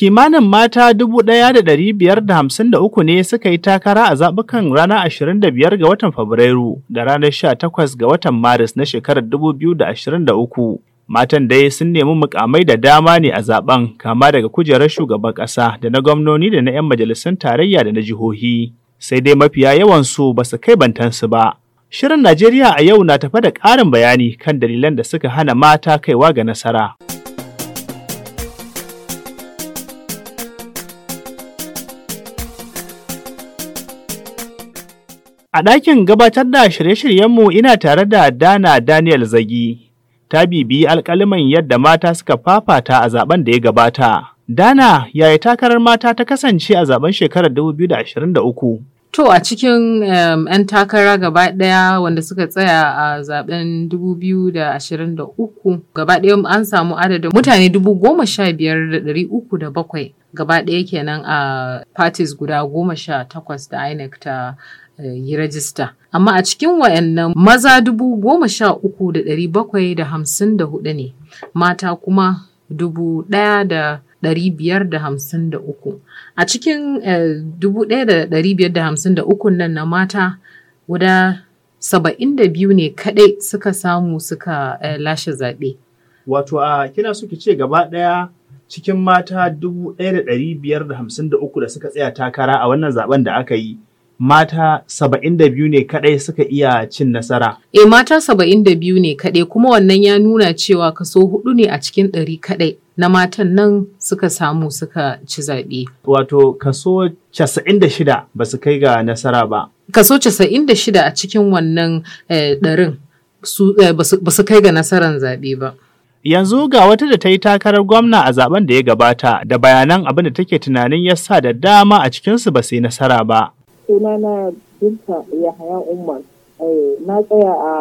Kimanin mata 1,553 ne suka yi takara a zaɓukan ranar 25 ga watan Fabrairu da ranar 18 ga watan Maris na shekarar 2023. Matan dai sun nemi mukamai da dama ne a zaben kama daga kujerar shugaban ƙasa da na gwamnoni da na 'yan majalisun tarayya da na jihohi. Sai dai mafiya yawan su ba su kai bantansu ba. Shirin Najeriya a yau na tafa da ƙarin bayani kan dalilan da suka hana mata kaiwa ga nasara. A ɗakin gabatar da shirye-shiryenmu ina tare da Dana Daniel Zagi, ta bibi alƙaliman yadda mata suka fafata a zaben da ya gabata. Dana, yaya takarar mata ta kasance a zaben shekarar 2023? To a cikin 'yan um, takara gaba ɗaya wanda suka tsaya a zaben 2023 gaba ɗaya an samu adadin mutane 15,307 gaba ɗaya kenan a parties guda goma sha takwas da INEC ta yi rajista. Amma a cikin wayannan maza dubu goma sha uku da ɗari bakwai da hamsin da hudu ne, mata kuma dubu ɗaya da ɗari biyar da hamsin da uku. A cikin eh, dubu ɗaya da ɗari biyar da hamsin da uku nan na mata guda saba'in da biyu ne kaɗai suka samu suka eh, lashe zaɓe. Wato a kina suke ce gaba ɗaya cikin mata uku da suka tsaya takara a wannan zaben da aka yi mata saba'in da biyu ne kaɗai suka iya cin nasara. E mata saba'in da biyu ne kaɗai kuma wannan ya nuna cewa kaso hudu ne a cikin ɗari kaɗai na matan nan suka samu suka ci zaɓe. Wato kaso casa'in da shida ba su kai ga nasara ba. Kaso casa'in da shida a cikin wannan eh, ɗarin eh, ba su kai ga nasarar zaɓe ba. Yanzu ga wata da ta yi takarar gwamna a zaben da ya gabata da bayanan abin da take tunanin ya sa da dama a cikinsu ba su yi nasara ba. suna na Binta Yahaya Umar. Eh, na tsaya a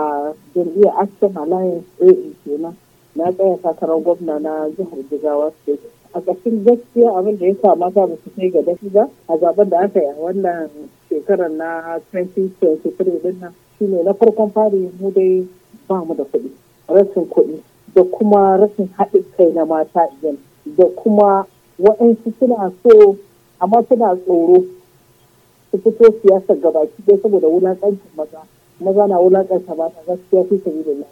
jam'iyyar Action Alliance AA kenan. Na tsaya takarar gwamna na jihar Jigawa State. A ƙarshen gaskiya abin da ya sa mata ba su kai ga dafi ba a zaben da aka yi a wannan shekarar na 2023 din nan shine na farkon fari mu dai ba mu da kuɗi. Rashin kuɗi da kuma rashin haɗin kai na mata idan da kuma waɗansu suna so amma suna tsoro su fito siyasa gabaki ɗaya saboda wulaƙancin maza maza na wulaƙanta mata gaskiya fi sabi da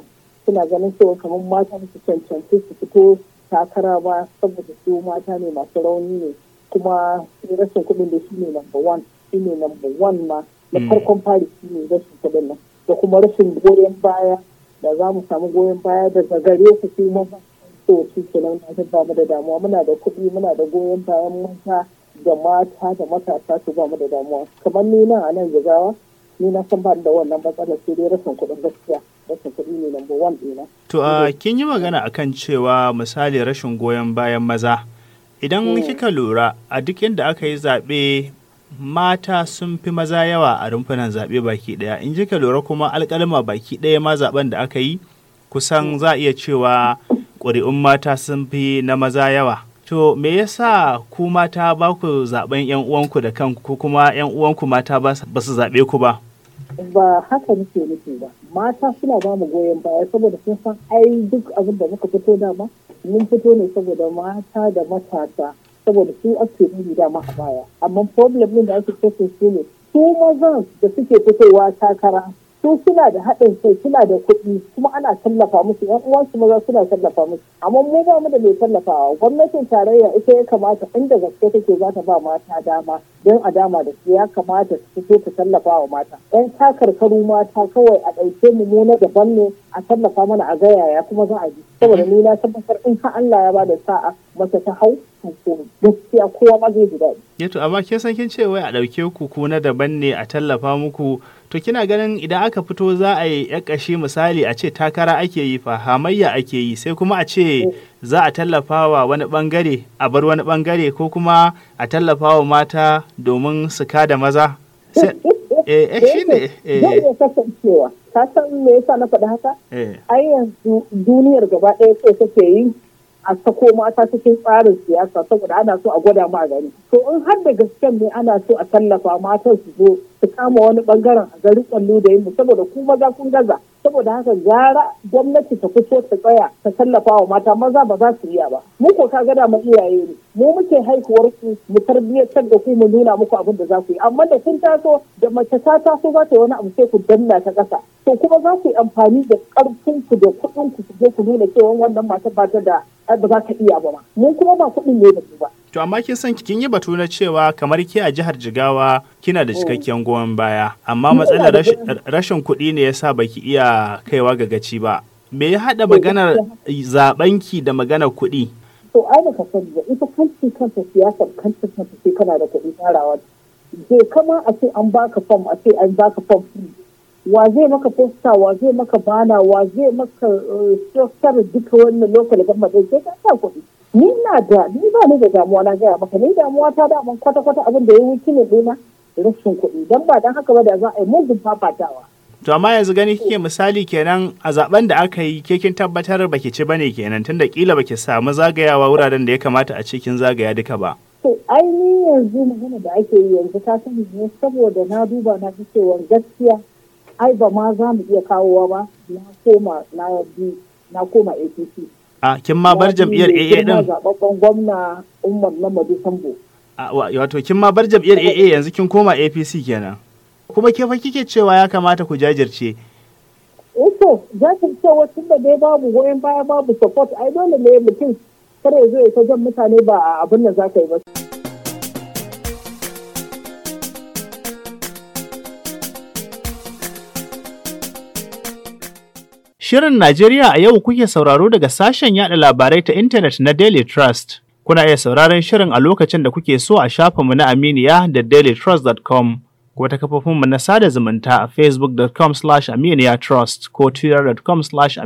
suna ganin cewa kamar mata su cancanci su fito takara ba saboda su mata ne masu rauni ne kuma rashin kuɗin da shi ne number one shi ne number one ma na hmm. farkon fari shi ne rashin kuɗin nan da kuma rashin goyon baya da za mu samu goyon baya daga gare su su maza so su kenan ba mu da damuwa muna da kuɗi muna da goyon bayan mata da mata da matasa su ba mu da damuwa kamar ni na a nan jigawa ni na san ba da wannan matsalar sai dai rashin kuɗin gaskiya rashin kuɗi ne number one ɗina. to a ah, kin yi magana akan cewa misali rashin goyon bayan maza idan mm. kika lura a duk inda aka yi zaɓe mata sun fi maza yawa a rumfunan zaɓe baki ɗaya in ji ka lura kuma alƙalma baki ɗaya ma zaɓen da aka yi kusan mm. za a iya cewa ƙuri'un mata sun fi na maza yawa to me yasa ku mata ba ku zaben yan uwanku da kanku ko kuma yan uwanku mata ba su zaɓe ku ba ba haka nake nufi ba mata suna ba mu goyon baya saboda sun san ai duk abin da muka fito dama mun fito ne saboda mata da matasa saboda su ake nuni dama a baya amma problem ɗin da ake fito su ne su mazan da suke fitowa takara su suna da haɗin kai suna da kuɗi kuma ana tallafa musu yan uwansu maza suna tallafa musu amma mu ba mu da mai tallafawa gwamnatin tarayya ita ya kamata inda gaske take za ta ba mata dama don a dama da su ya kamata su fito ta tallafa wa mata yan takarkaru mata kawai a ɗauke mu mu na daban ne a tallafa mana a gaya yaya kuma za a ji saboda mm-hmm. ni na tabbatar in ka Allah ya bada sa'a mace ta hau ko gaskiya kowa ma zai ji daɗi yato eh amma ke san kin ce wai a ɗauke ku ku na daban ne a tallafa muku to kina ganin idan aka fito za a yi ƙashi misali a ce takara ake yi fa hamayya ake yi sai kuma a ce eh. za a tallafa wa wani bangare a bar wani bangare ko kuma a tallafa wa mata domin su da maza eh shi ne eh, eh, eh. ka san me yasa na faɗi haka eh. ai yanzu duniyar gaba ɗaya ce take yi a sako mata cikin tsarin siyasa saboda ana so a gwada ma gari to in har da gasken ne ana so a tallafa matan su zo su kama wani bangaren a garin kallo da yin saboda ku maza kun gaza saboda haka gara gwamnati ta fito ta tsaya ta tallafa wa mata maza ba za su iya ba mu ko ka gada mu iyaye ne mu muke haihuwar ku mu tarbiyyatar da ku mu nuna muku abin da za ku yi amma da kun taso da mace ta taso za ta yi wani abu sai ku danna ta kasa to kuma za ku yi amfani da karfin ku da kuɗin ku je ku nuna cewa wannan matar ba ta da ba za ta iya ba ma mu kuma ba kuɗin ne da su ba. to amma kin san kin yi batu na cewa kamar ke a jihar jigawa kina da cikakken goyon baya amma matsalar rashin kuɗi ne yasa baki iya kaiwa ga gaci ba. Me ya haɗa maganar zaɓenki da maganar kuɗi? to ai baka sani ba ita kancin kanta siyasar kancin kanta sai kana da kuɗi tsarawa bai kama a ce an baka fom a ce an baka fam wa zai maka posta wa zai maka bana wa zai maka eh, structure duka wannan lokal government sai ka sa kuɗi ni na da ni ba ni da damuwa na gaya maka ni damuwa ta daman kwata kwata abin da ya wuce ne dona rashin kuɗi dan ba dan haka ba da za a yi mugun fafatawa to amma yanzu gani kike misali kenan a zaben da aka yi ke kin tabbatar baki ci bane kenan tunda kila baki samu zagayawa wuraren da ya kamata a cikin zagaya duka ba to ai ni yanzu magana da ake yi yanzu ta sani ne saboda na duba na fi cewa gaskiya ai ba ma za mu iya kawowa ba na koma na bi na koma APC a kin ma bar jam'iyyar AA din zababban gwamna Umar Lamadu Sambo wato kin ma bar jam'iyyar AA yanzu kin koma APC kenan kuma ke fa kike cewa ya kamata ku jajirce Eto, eh jajircewa tun da dai babu goyon baya babu support ai dole ne mutum kare zai ta jan mutane ba a abin da za ka yi ba Shirin Najeriya a yau kuke sauraro daga sashen yada labarai ta intanet na Daily Trust. Kuna iya sauraron shirin a lokacin da kuke so a shafinmu na Aminiya da dailytrust.com. ko ta kafofinmu na sada zumunta a facebook.com slash aminiyatrust ko twitter.com slash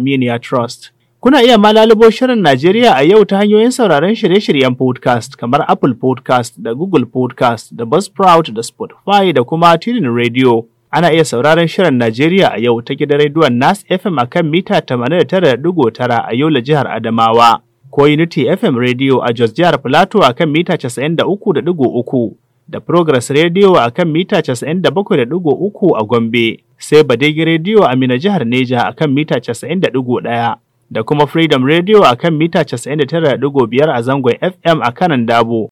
trust Kuna iya ma shirin Najeriya a yau ta hanyoyin sauraron shirye-shiryen podcast kamar Apple podcast da Google podcast da Buzzsprout da Spotify da kuma Tunin Radio. Ana iya sauraron shirin Najeriya a yau ta gidan rediyon Nas FM a kan mita 89.9 a yau da jihar Adamawa. Ko Unity FM Radio a Jos jihar filato a kan mita 93.3. da Progress Radio a kan mita 97.3 a Gombe, sai Badegi Radio a Mina jihar Neja a kan mita 91.1 da kuma Freedom Radio a kan mita 99.5 a zangon FM a kanan Dabo.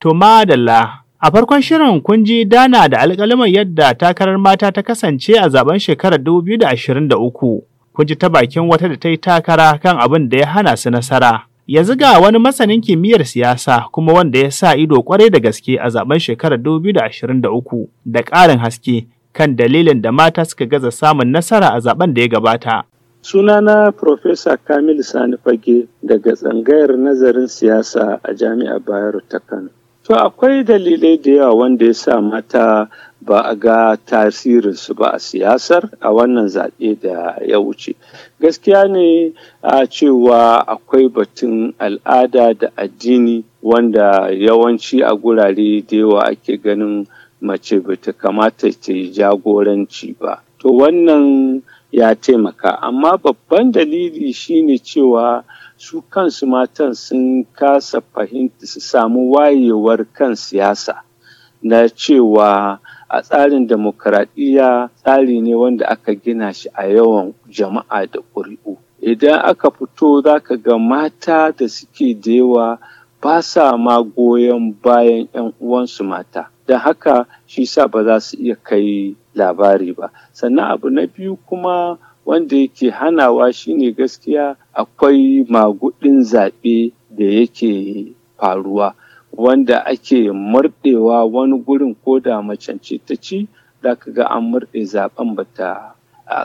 To madalla, a farkon shirin kun ji dana da alƙalamar yadda takarar mata ta kasance a zaben shekarar 2023. kun ji ta bakin wata da ta yi takara kan abin da ya hana su nasara. Yanzu ga wani masanin kimiyyar siyasa kuma wanda ya sa ido kwarai da gaske a zaben shekarar 2023 da ƙarin haske kan dalilin da mata suka gaza samun nasara a zaben da ya gabata. Sunana Profesa Kamil Sani Fage daga tsangayar nazarin siyasa a Jami'ar Bayero ta Kano. To akwai dalilai da yawa wanda ya sa mata ba a ga tasirinsu ba a siyasar a wannan zaɓe da ya wuce. Gaskiya ne a cewa akwai batun al'ada da addini wanda yawanci a gurare da yawa ake ganin mace bata kamata ta yi jagoranci ba. To wannan ya taimaka amma babban dalili shine cewa su kansu matan sun kasa fahimta su samu wayewar kan siyasa na cewa a tsarin demokaradiyya tsari ne wanda aka gina shi a yawan jama'a da ƙuri'u idan aka fito za ka ga mata da suke da yawa ba sa ma goyon bayan 'yan uwansu mata da haka shi sa ba za su iya kai labari ba sannan abu na biyu kuma wanda yake hanawa shine gaskiya akwai magudin zaɓe da yake faruwa wanda ake murɗewa wani gurin ko da macance ta ci za ka ga an murɗe zaɓen ba ta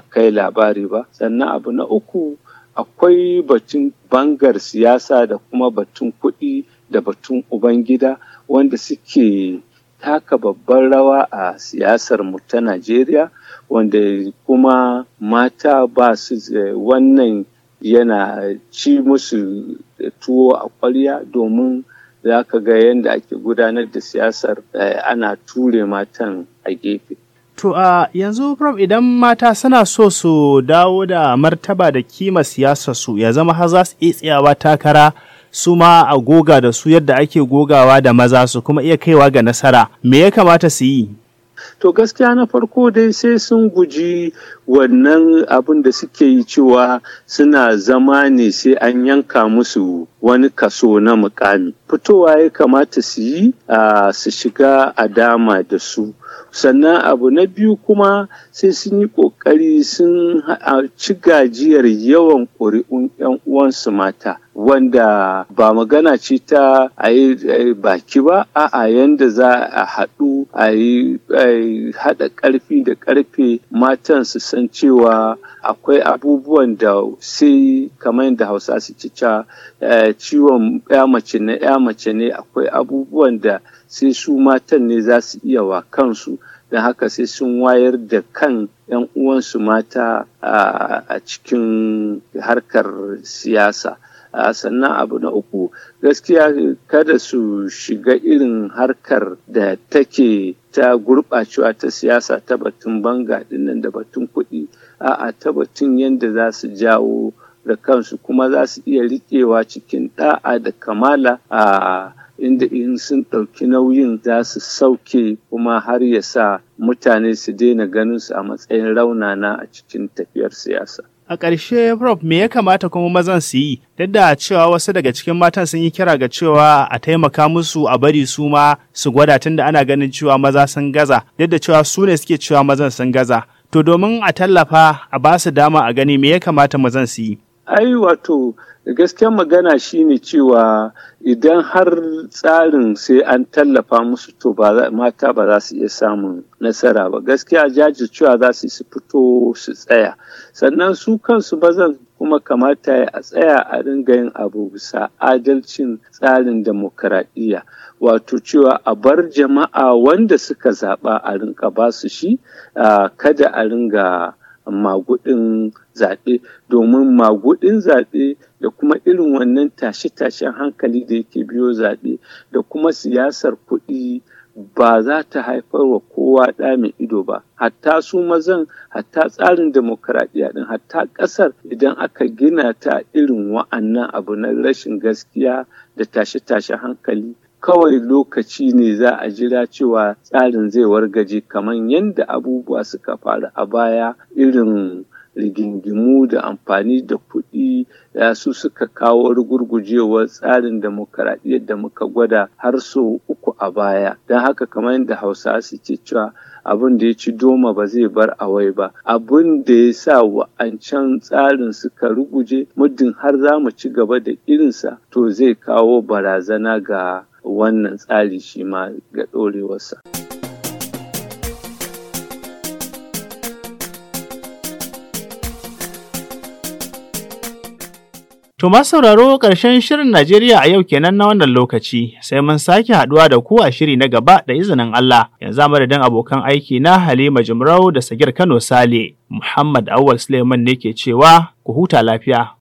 kai labari ba sannan abu na uku akwai batun bangar siyasa da kuma batun kuɗi da batun ubangida wanda suke taka babban rawa a siyasar mu ta Najeriya wanda kuma mata ba su eh, wannan yana ci musu tuwo a kwarya domin za ka ga yadda ake gudanar da siyasar eh, ana ture matan a gefe. To a yanzu prom idan mata suna so su dawo da martaba da kima siyasar su ya zama har za su iya tsayawa takara su ma a goga da su yadda ake gogawa da maza su kuma iya kaiwa ga nasara me ya kamata su yi to gaskiya na farko dai sai sun guji wannan abin da suke yi cewa suna zama ne sai an yanka musu wani kaso na mukami fitowa ya kamata su yi su shiga a dama da su sannan abu na biyu kuma sai sun yi ƙoƙari sun ci gajiyar yawan ƙuri'un 'yan uwansu mata wanda ba magana ce ta a yi baki ba a yanda za a haɗu a yi haɗa ƙarfi da ƙarfe matan su san cewa akwai abubuwan da sai kamar da hausa su cica eh, ciwon ya mace na ya mace ne akwai abubuwan da sai su matan ne za su iya wa kansu don haka sai sun wayar da kan 'yan uwansu mata a cikin harkar siyasa A sannan abu na uku gaskiya kada su shiga irin harkar da take ta gurɓacewa ta siyasa ta batun banga dinnan da batun kuɗi a ta batun yadda za su jawo da kansu kuma za su iya riƙewa cikin ɗa'a da kamala a inda in sun ɗauki nauyin za su sauke kuma har ya sa mutane su daina ganin su a matsayin raunana a cikin tafiyar siyasa. A ƙarshe, Prof, me ya kamata kuma mazan su yi? Duk da cewa wasu daga cikin matan sun yi kira ga cewa a taimaka musu a bari su ma su gwada tunda ana ganin cewa maza sun gaza, duk da cewa su ne suke cewa mazan sun gaza. To domin a tallafa a ba su dama a gani me ya kamata mazan su yi? Ai wato gaskiyar magana shine cewa idan har tsarin sai an tallafa musu to mata ba za su iya samun nasara ba gaskiya jajircewa za su su fito su tsaya sannan su kansu bazan kuma kamata a tsaya a ringa yin abu bisa adalcin tsarin demokaradiyya wato cewa a bar jama'a wanda suka zaɓa a rinka ba su shi kada a ringa magudin zaɓe domin magudin zaɓe da kuma irin wannan tashe-tashen hankali da yake biyo zaɓe da kuma siyasar kuɗi ba za ta haifar wa kowa ɗa mai ido ba hatta su mazan hatta tsarin demokaradiyya ɗin hatta ƙasar idan aka gina ta irin wa'annan abu na rashin gaskiya da tashe tashen hankali kawai lokaci ne za a jira cewa tsarin zai wargaje kamar yadda abubuwa suka faru a baya irin rigingimu da amfani da kuɗi da su suka kawo rugurgujewar tsarin demokaradiyyar da muka gwada har so uku a baya don haka kamar yadda hausa su ce cewa abin da ya ci doma ba zai bar awai ba abin da ya sa wa'ancan tsarin suka ruguje muddin har za mu ci gaba da irinsa to zai kawo barazana ga wannan tsari shi ma ga ɗorewarsa. To sauraro ƙarshen shirin Najeriya a yau kenan na wannan lokaci, sai mun sake haɗuwa da ku a shiri na gaba da izinin Allah. Yanzu madadin abokan aiki na Halima Jumrau da Sagir Kano Sale, Muhammad Awal Suleiman ne ke cewa ku huta lafiya.